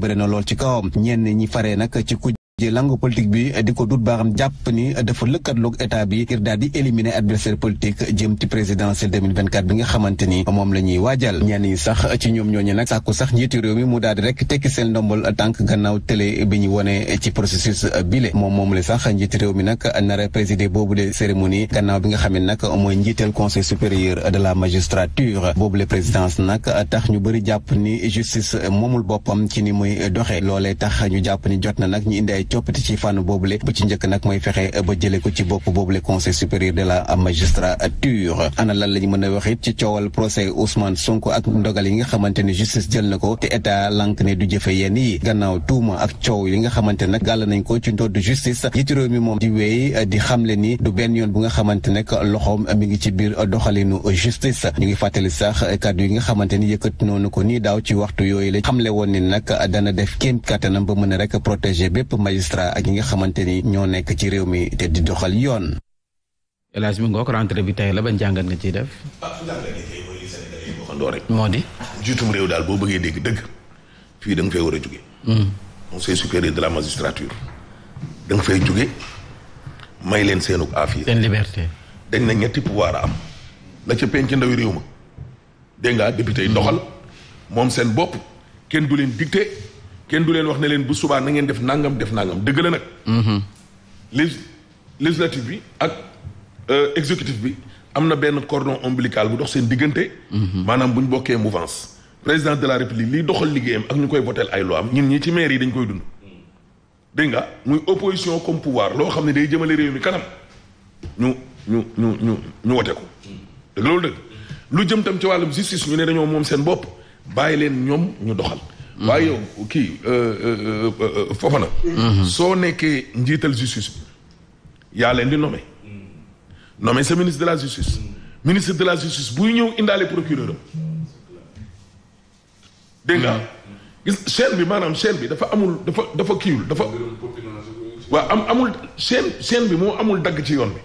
bëri na lool ci kawam ñenn ñi fare nag ci ku ji langue politique bi di ko dut baaxam jàpp ni dafa lëkkatloog état bi ngir daal di éliminer adversaire politique jëm ci présidentielle 2024 bi nga xamante ni moom la ñuy waajal ñenn yi sax ci ñoom ñooñu nag sàkku sax njiitu réew mi mu daal di rek tekki seen ndombal tànk gannaaw télé bi ñu wone ci processus bile moom moom la sax njiitu réew mi nag nara présider boobu de cérémonie gannaaw bi nga xamee ne nag mooy njiital conseil supérieur de la magistrature boobu la présidence nag tax ñu bëri jàpp ni justice moomul boppam ci ni muy doxee loolee tax ñu jàpp ni jot na nag ñu indi coppite ci fànn boobule bu ci njëkk nag mooy fexe ba jëlee ko ci bopp boobule conseil supérieur de la magistrature ana lan lañu mën a wax it ci coowal procès Ousmane Sonko ak ndogal yi nga xamante ne justice jël na ko te état lank ne du jëfe yenn yi gannaaw tuuma ak coow yi nga xamante nag gàll nañ ko ci ndodd justice jiitu réew mi moom di wéy di xamle ni du benn yoon bu nga xamante nag loxoom mi ngi ci biir doxalinu justice ñu ngi fàttali sax kàddu yi nga xamante ni yëkkat noonu ko nii daaw ci waxtu yooyu la xamle woon ni nag dana def kéem kattanam ba mën a rek protéger bépp may magistrat ak ñi ñoo nekk ci réew mi te di doxal yoon. élage bi ngoog la ban jàngat nga ciy def. Ah, waxandoo rek. moo di. jiitum réew daal boo bëggee dégg dëgg fii da nga fay war a jóge. Hmm. conseil supérieur de la magistrature. da nga fay jóge may leen seenug aafiya. seen dañ na ñetti pouvoir a am. la ca penc ndawi réew ma. dégg nga député yi hmm. doxal. moom seen bopp kenn du leen dicté. kenn du leen wax ne leen bu subaa na ngeen def nangam def nangam dëgg la nag. Mm-hmm. légis législatif bi ak euh, exécutif bi am na benn cordon ombilical bu dox seen diggante. Mm-hmm. maanaam bu ñu bokkee mouvance. président de la république liy doxal liggéeyam ak ñu koy votel ay loi am ñun ñi ci maire yi dañ koy dund. dégg nga muy opposition comme pouvoir loo xam ne day jëmale réew mi kanam ñu ñu ñu ñu ñu wote ko. dëgg loolu dëgg mm-hmm. lu jëm tam ci wàllum justice ñu ne dañoo moom seen bopp bàyyi leen ñoom ñu doxal. waaye yow kii euh, euh, euh, Fofana. Mhm. soo nekkee njiital justice bi yaa leen di nome nommé sa ministre de la justice. ministre de la justice buy ñëw indaale procureur am. dégg nga mhm. gis chaîne bi maanaam chaîne bi dafa amul dafa dafa kiiwul dafa. waa am amul chaîne chaîne bi moo amul dagg ci yoon bi.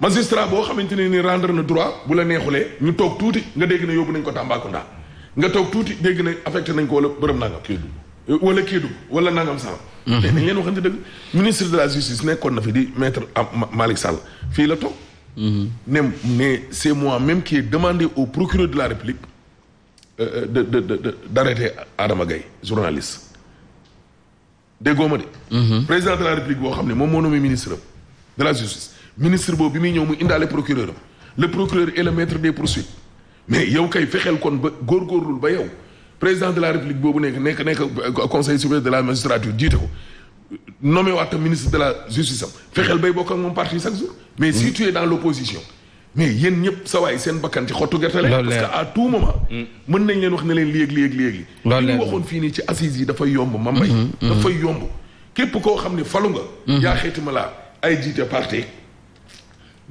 magistrat boo xamante ne ni rendre na droit bu la neexulee ñu toog tuuti nga dégg na yóbbu nañ ko Tambacounda. nga toog tuuti dégg na affecté nañ ko wala bërëm nangam. Kédougou wala Kédougou wala nangam sànq. te dañ leen waxante dëgg ministre de la justice nekkoon na fi di maître Malick Sall fii la toog. Mhm. ne ne c' est moi même qui demander au procureur de la République euh, euh, de de de de d' arrêter Adama Gaye journaliste. déggoo ma de. Mhm. président de la République boo xam ne moom moo nommé ministre de la justice ministre boobu bi muy ñëw mu indaale procureur am le procureur est le maître des poursuites. mais yow kay fexeel kon ba góorgóorlul ba yow président de la république boobu nekk nekk nekk euh, conseil supérieur de la magistrature jiite ko nommé waat ministre de la justice am fexeel bay bokk moom parti chaque jour. mais si hmm. tu es dans l' opposition. mais yéen ñëpp sa waay seen bakkan ci xottu gerte la. parce que à tout moment. Hmm. mën nañ leen wax ne leen léeg léeg léeg li ñu waxoon fii nii ci assises yi dafay yomb ma mbay. Hmm, dafay yomb képp koo xam ne falu nga. yaa xeeti ma laa ay jiite parti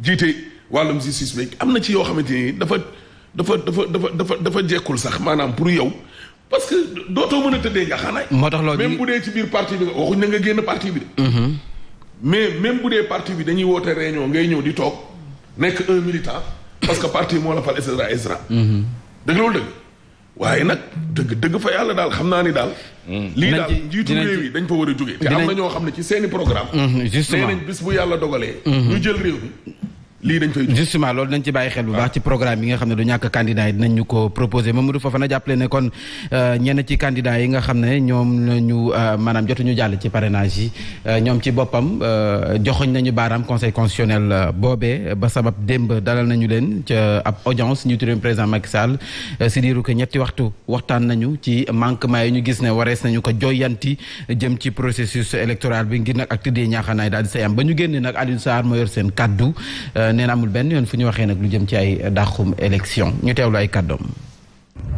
jiite wàllum justice beeg am na ci yoo xamante ni dafa. dafa dafa dafa dafa dafa jekkul sax maanaam pour yow parce que dootoo mën a tëddee njaxaanaay. moo tax loolu même bu dee ci biir parti bi waxuñ na nga génn parti bi de. Mm-hmm. mais même bu dee parti bi dañuy woote réunion ngay ñëw di toog nekk un militant parce que parti moo la fal et cetera et cetera. Mm-hmm. dëgg loolu dëgg waaye nag dëgg dëgg fa yàlla daal xam naa ni daal. Mm. lii daal njiitu réew yi dañ fa war a jógee. te am na ñoo xam ne ci seeni programme. Mm-hmm, justement nee bis bu yàlla dogalee. ñu jël réew lii dañ fay justement loolu dañ ci bàyyi xel bu baax ci programme yi nga xam ne du ñàkk candidat yi dinañ ñu ko proposé Mamadou Fofana jàppale ne kon euh, ñenn ci candidat yi nga xam ne ñoom la ñu euh, maanaam jotuñu jàll ci parrainage yi euh, ñoom ci boppam joxoñ nañu baaraam conseil constitutionnel boobee ba sabab démb dalal nañu leen ca ab audience ñu tuddee président Macky Sall si diiru ko ñetti waxtu waxtaan nañu ci manquement yi ñu gis ne warees nañu ko joyanti jëm ci processus électoral bi ngir nag ak tëddee ñaaxanaay daal di say am ba ñu génne nag Alioune Sarr moo yor seen kaddu nee na amul benn yoon fu ñu waxee nag lu jëm ci ay dàqum élection ñu teewlu ay kàddoom.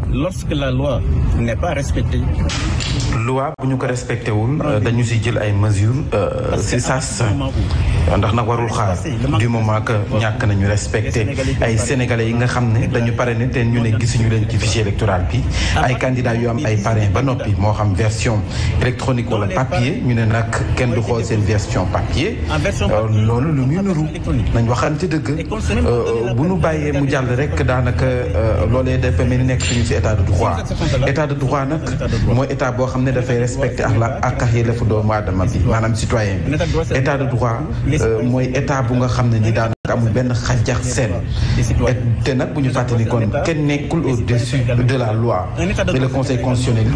lorsque la loi n'est bu ñu ko respecté wul euh, dañu si jël ay mesures. Euh, si saas ndax na warul xaar du moment que ñàkk nañu respecté ay sénégalais yi nga xam ne dañu pare ne te ñu ne gisuñu leen ci fichier électoral bi ay candidats yu am ay parrain ba noppi moo xam version électronique wala papier ñu ne nag kenn du xool seen version euh, papier loolu lu muy nuru nañ waxante dëgg bu nu bàyyee mu jàll rek daanaka loolee dafa mel ni nekk suñu ci état de droit état de droit nag mooy état boo xam ne dafay respecté ak la ak yelleefu doomu aadama bi maanaam citoyen état de droit euh, mooy état bu nga xam ne ni daan amul benn xajax seen te nag bu ñu fàttali kon kenn nekkul au-dessus de la loi mais le conseil constitutionnel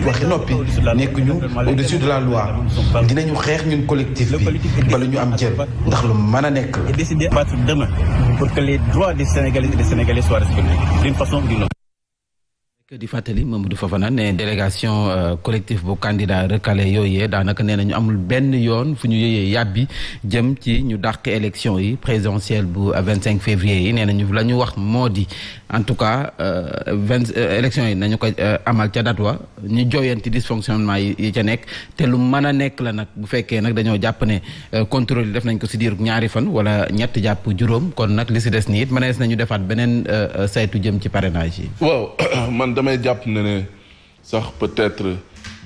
xeex ñun collectif bi bala ñu am jël ndax lu mën a nekk la. pour que les droits des di fàttali Mamadou Fofana ne délégation euh, collectif bu candidat recalé yooyee daanaka nee nañu amul benn yoon fu ñu yëyee yàbbi jëm ci ñu dàq élection yi présidentielle bu 25 février yi nee nañu la ñu wax moo di en tout cas euh, vingt euh, élection yi nañu ko amal ca date wa ñu jooyanti dysfonctionnement yi ca nekk te lu mën a nekk la nag bu fekkee nag dañoo jàpp ne contrôle yi def nañ ko si diir ñaari fan wala ñett jàpp juróom kon nag li si des nii it mënees nañu defaat beneen saytu jëm ci parrainage yi. damay jàpp ne ne sax peut-être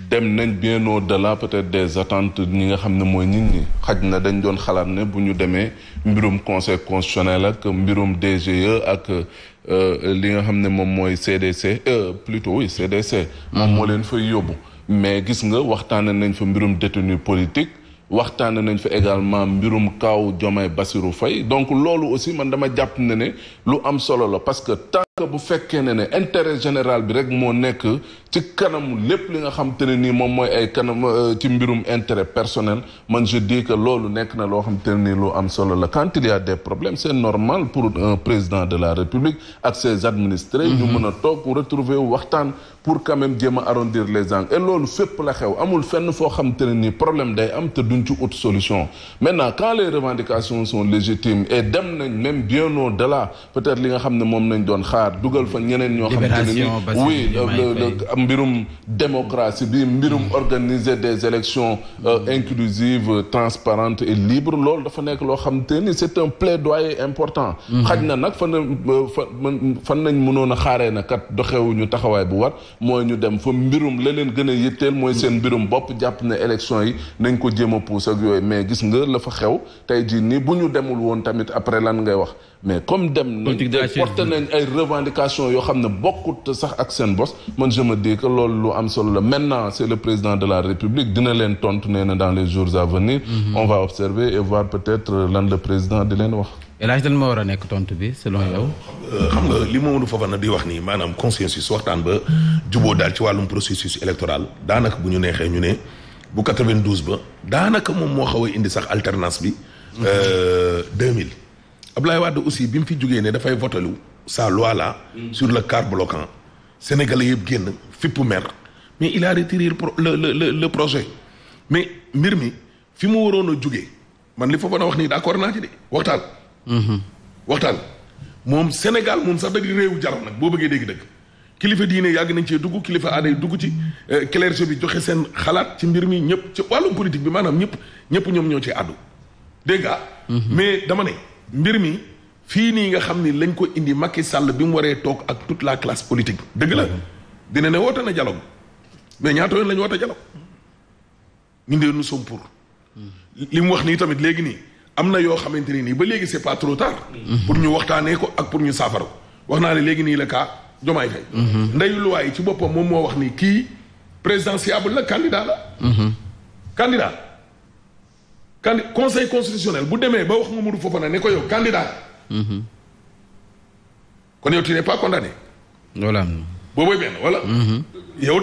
dem nañ bien au-delà peut-être des attentes ñi nga xam ne mooy nit ñi xaj na dañ doon xalaat ne bu ñu demee mbirum conseil constitutionnel ak mbirum DGE ak euh, li nga xam ne moom mooy CDC euh, plutôt oui CDC. moom moo mhm. leen fay yóbbu. mais gis nga waxtaan nañ fa mbirum détenu politique waxtaane nañ fa également mbirum kaaw Diomaye basiru Faye donc loolu aussi man dama jàpp ne ne lu am solo la parce que que bu fekkee ne ne intérêt général bi rek moo nekk ci kanam lépp li nga xam te ne nii moom mooy ay kanam euh, ci mbirum intérêt personnel man je di que loolu nekk na loo xam te ne nii lu am solo la quand il y a des problèmes c'est normal pour un président de la République ak ses administrés ñu mhm. mën a toog retrouver waxtaan pour quand même arrondir les angles et loolu fépp la xew amul fenn foo xam te ne nii problème day am te duñ ci ut solution maintenant quand les revendications sont légitimes et dem nañ même bien au-delà li nga xam ne moom nañ doon xaar Sarr dugal fa ñeneen ñoo xamante ne ni oui mbirum démocratie bi mbirum organiser des élections euh, mm-hmm. inclusives transparentes et libres loolu dafa nekk loo xamante ni c'est un plaidoyer important mm-hmm. xaj na nag fan euh, fan nañ mënoon a xaaree na kat doxewuñu taxawaay bu war mooy ñu dem fa mbirum la leen gën a yitteel mooy seen mm-hmm. mbirum bopp jàpp na élections yi nañ ko jéem a pousse ak yooyu mais gis nga la fa xew tey jii nii bu ñu demul woon tamit après lan ngay wax mais comme dem revendication yoo xam ne bokkut sax ak seen bos man je me lool que loolu lu am solo la maintenant c'est le président de la république dina leen tontu nee na dans les jours à venir mhm. on va observer et peut-être lan le président di leen wax El Hadj a nekk tontu bi selon yow. Euh, xam nga li Mamadou Fofana di wax nii maanaam consensus waxtaan ba juboo daal ci wàllum processus électoral daanaka bu ñu neexee ñu ne bu 92 ba daanaka moom moo xaw a indi sax alternance bi. 2000. Mhm. Euh, Abdoulaye Wade aussi bi mu fi jógee ne dafay votalu sa loi là. Mm. sur le quart bloquant. Sénégalais yëpp génn fippu mer mais il a retiré le le le le projet mais mbir mi fi mu waroon a jóge man li fa mën a wax nii d'accord naa ci de waxtaan. Mm-hmm. waxtaan moom Sénégal moom sax dëgg réewu jar nag boo bëggee dégg-dëgg kilifa diine yàgg nañ cee dugg kilifa aaday dugg ci eh, clergé bi joxe seen xalaat ci mbir mi ñëpp ci wàllum politique bi maanaam ñëpp ñëpp ñoom ñoo ci àddu dégg mm-hmm. mais dama ne mbir mi. fii nii nga xam ni lañ ko indi makki sàll bi mu waree toog ak toute la classe politique dëgg la dina ne woote na dialogue mais ñaata yoon lañu ñu woote dialogue ñu ndee nu sommes pour li mu wax nii tamit léegi nii am na yoo xamante ni nii ba léegi c'est pas trop pour ñu waxtaanee ko ak pour ñu saafara ko wax naa ne léegi nii la kaa Diomaye Faye ndeyu luwaay ci boppam moom moo wax nii kii présidentiable la candidat la candidat candi conseil constitutionnel bu demee ba wax Mamadou Fofana ne ko yow candidat Mm-hmm. kon yow tu n'es pas condamné. loolu am na boobooy benn wala.